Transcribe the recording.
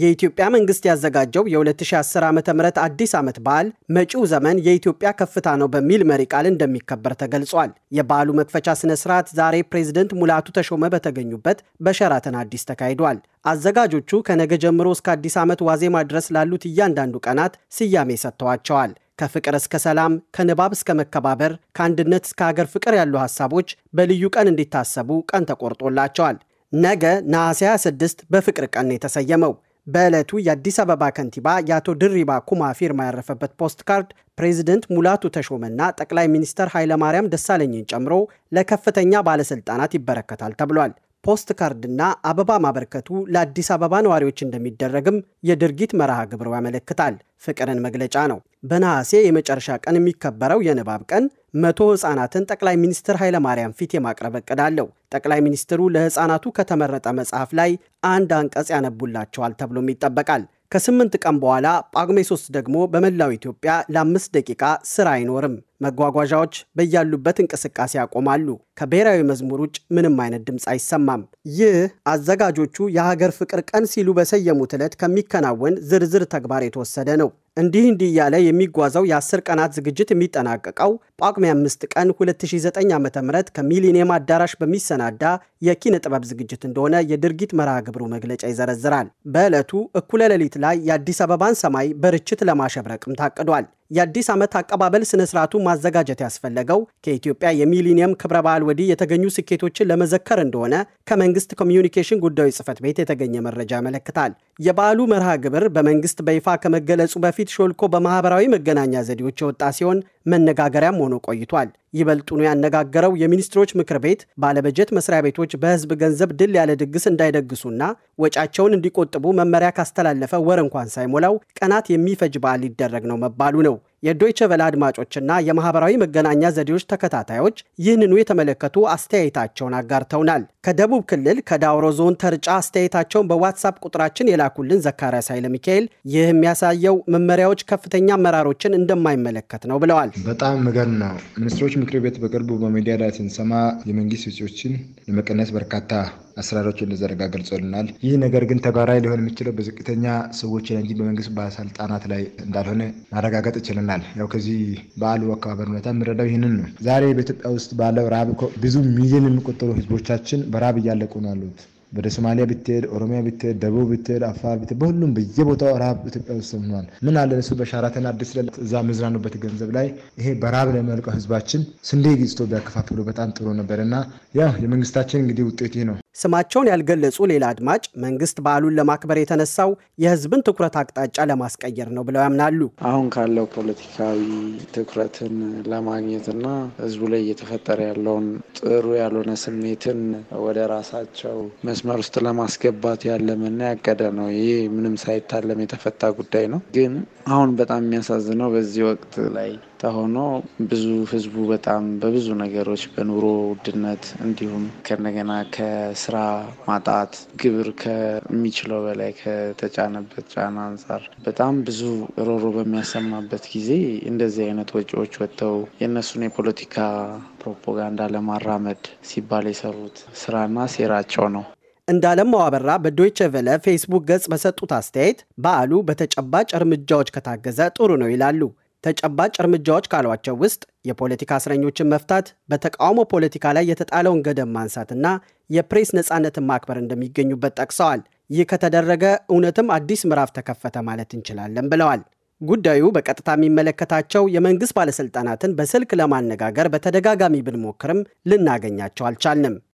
የኢትዮጵያ መንግስት ያዘጋጀው የ2010 ዓ ም አዲስ ዓመት በዓል መጪው ዘመን የኢትዮጵያ ከፍታ ነው በሚል መሪ ቃል እንደሚከበር ተገልጿል። የበዓሉ መክፈቻ ስነ ስርዓት ዛሬ ፕሬዝደንት ሙላቱ ተሾመ በተገኙበት በሸራተን አዲስ ተካሂዷል። አዘጋጆቹ ከነገ ጀምሮ እስከ አዲስ ዓመት ዋዜማ ድረስ ላሉት እያንዳንዱ ቀናት ስያሜ ሰጥተዋቸዋል። ከፍቅር እስከ ሰላም፣ ከንባብ እስከ መከባበር፣ ከአንድነት እስከ ሀገር ፍቅር ያሉ ሀሳቦች በልዩ ቀን እንዲታሰቡ ቀን ተቆርጦላቸዋል። ነገ ነሐሴ 26 በፍቅር ቀን የተሰየመው በዕለቱ የአዲስ አበባ ከንቲባ የአቶ ድሪባ ኩማ ፊርማ ያረፈበት ፖስት ካርድ ፕሬዚደንት ሙላቱ ተሾመና ጠቅላይ ሚኒስትር ኃይለማርያም ደሳለኝን ጨምሮ ለከፍተኛ ባለሥልጣናት ይበረከታል ተብሏል። ፖስት ካርድና አበባ ማበርከቱ ለአዲስ አበባ ነዋሪዎች እንደሚደረግም የድርጊት መርሃ ግብሩ ያመለክታል። ፍቅርን መግለጫ ነው። በነሐሴ የመጨረሻ ቀን የሚከበረው የንባብ ቀን መቶ ሕፃናትን ጠቅላይ ሚኒስትር ኃይለማርያም ፊት የማቅረብ እቅድ አለው። ጠቅላይ ሚኒስትሩ ለሕፃናቱ ከተመረጠ መጽሐፍ ላይ አንድ አንቀጽ ያነቡላቸዋል ተብሎም ይጠበቃል። ከስምንት ቀን በኋላ ጳጉሜ 3 ደግሞ በመላው ኢትዮጵያ ለአምስት ደቂቃ ስራ አይኖርም። መጓጓዣዎች በያሉበት እንቅስቃሴ ያቆማሉ። ከብሔራዊ መዝሙር ውጭ ምንም አይነት ድምፅ አይሰማም። ይህ አዘጋጆቹ የሀገር ፍቅር ቀን ሲሉ በሰየሙት ዕለት ከሚከናወን ዝርዝር ተግባር የተወሰደ ነው። እንዲህ እንዲህ እያለ የሚጓዘው የአስር ቀናት ዝግጅት የሚጠናቀቀው ጳጉሜ አምስት ቀን 2009 ዓ ም ከሚሊኒየም አዳራሽ በሚሰናዳ የኪነ ጥበብ ዝግጅት እንደሆነ የድርጊት መርሃ ግብሩ መግለጫ ይዘረዝራል። በዕለቱ እኩለ ሌሊት ላይ የአዲስ አበባን ሰማይ በርችት ለማሸብረቅም ታቅዷል። የአዲስ ዓመት አቀባበል ስነ ስርዓቱ ማዘጋጀት ያስፈለገው ከኢትዮጵያ የሚሊኒየም ክብረ በዓል ወዲህ የተገኙ ስኬቶችን ለመዘከር እንደሆነ ከመንግስት ኮሚዩኒኬሽን ጉዳዮች ጽህፈት ቤት የተገኘ መረጃ ያመለክታል። የበዓሉ መርሃ ግብር በመንግስት በይፋ ከመገለጹ በፊት ሾልኮ በማህበራዊ መገናኛ ዘዴዎች የወጣ ሲሆን መነጋገሪያም ሆኖ ቆይቷል። ይበልጡኑ ያነጋገረው የሚኒስትሮች ምክር ቤት ባለበጀት መስሪያ ቤቶች በህዝብ ገንዘብ ድል ያለ ድግስ እንዳይደግሱና ወጫቸውን እንዲቆጥቡ መመሪያ ካስተላለፈ ወር እንኳን ሳይሞላው ቀናት የሚፈጅ በዓል ሊደረግ ነው መባሉ ነው። የዶይቸ ቨለ አድማጮችና የማህበራዊ መገናኛ ዘዴዎች ተከታታዮች ይህንኑ የተመለከቱ አስተያየታቸውን አጋርተውናል። ከደቡብ ክልል ከዳውሮ ዞን ተርጫ አስተያየታቸውን በዋትሳፕ ቁጥራችን የላኩልን ዘካርያስ ኃይለ ሚካኤል ይህ የሚያሳየው መመሪያዎች ከፍተኛ አመራሮችን እንደማይመለከት ነው ብለዋል። በጣም ምገር ነው። ሚኒስትሮች ምክር ቤት በቅርቡ በሚዲያ ላይ ስንሰማ የመንግስት ወጪዎችን ለመቀነስ በርካታ አሰራሮች እንደዘረጋ ገልጾልናል። ይህ ነገር ግን ተግባራዊ ሊሆን የሚችለው በዝቅተኛ ሰዎች እንጂ በመንግስት ባለስልጣናት ላይ እንዳልሆነ ማረጋገጥ ይችልናል። ያው ከዚህ በዓሉ አከባበር ሁኔታ የምረዳው ይህንን ነው። ዛሬ በኢትዮጵያ ውስጥ ባለው ረሃብ ብዙ ሚሊዮን የሚቆጠሩ ህዝቦቻችን በራብ እያለቁ ነው ያሉት። ወደ ሶማሊያ ብትሄድ፣ ኦሮሚያ ብትሄድ፣ ደቡብ ብትሄድ፣ አፋር ብትሄድ፣ በሁሉም በየቦታው ረሃብ ኢትዮጵያ ውስጥ ሆኗል። ምን አለ እሱ በሻራተን አዲስ እዛ መዝናኑበት ገንዘብ ላይ ይሄ በረሃብ ላይ የሚያልቀው ህዝባችን ስንዴ ገዝቶ ቢያከፋፍሉ በጣም ጥሩ ነበር እና ያው የመንግስታችን እንግዲህ ውጤት ይህ ነው። ስማቸውን ያልገለጹ ሌላ አድማጭ መንግስት በዓሉን ለማክበር የተነሳው የህዝብን ትኩረት አቅጣጫ ለማስቀየር ነው ብለው ያምናሉ። አሁን ካለው ፖለቲካዊ ትኩረትን ለማግኘትና ህዝቡ ላይ እየተፈጠረ ያለውን ጥሩ ያልሆነ ስሜትን ወደ ራሳቸው መስመር ውስጥ ለማስገባት ያለመና ያቀደ ነው። ይህ ምንም ሳይታለም የተፈታ ጉዳይ ነው። ግን አሁን በጣም የሚያሳዝነው በዚህ ወቅት ላይ ተሆኖ ብዙ ህዝቡ በጣም በብዙ ነገሮች በኑሮ ውድነት እንዲሁም ከእንደገና ከስራ ማጣት ግብር ከሚችለው በላይ ከተጫነበት ጫና አንጻር በጣም ብዙ ሮሮ በሚያሰማበት ጊዜ እንደዚህ አይነት ወጪዎች ወጥተው የእነሱን የፖለቲካ ፕሮፓጋንዳ ለማራመድ ሲባል የሰሩት ስራና ሴራቸው ነው። እንዳለማው አበራ በዶይቸ ቨለ ፌስቡክ ገጽ በሰጡት አስተያየት በዓሉ በተጨባጭ እርምጃዎች ከታገዘ ጥሩ ነው ይላሉ። ተጨባጭ እርምጃዎች ካሏቸው ውስጥ የፖለቲካ እስረኞችን መፍታት፣ በተቃውሞ ፖለቲካ ላይ የተጣለውን ገደብ ማንሳትና የፕሬስ ነፃነትን ማክበር እንደሚገኙበት ጠቅሰዋል። ይህ ከተደረገ እውነትም አዲስ ምዕራፍ ተከፈተ ማለት እንችላለን ብለዋል። ጉዳዩ በቀጥታ የሚመለከታቸው የመንግሥት ባለሥልጣናትን በስልክ ለማነጋገር በተደጋጋሚ ብንሞክርም ልናገኛቸው አልቻልንም።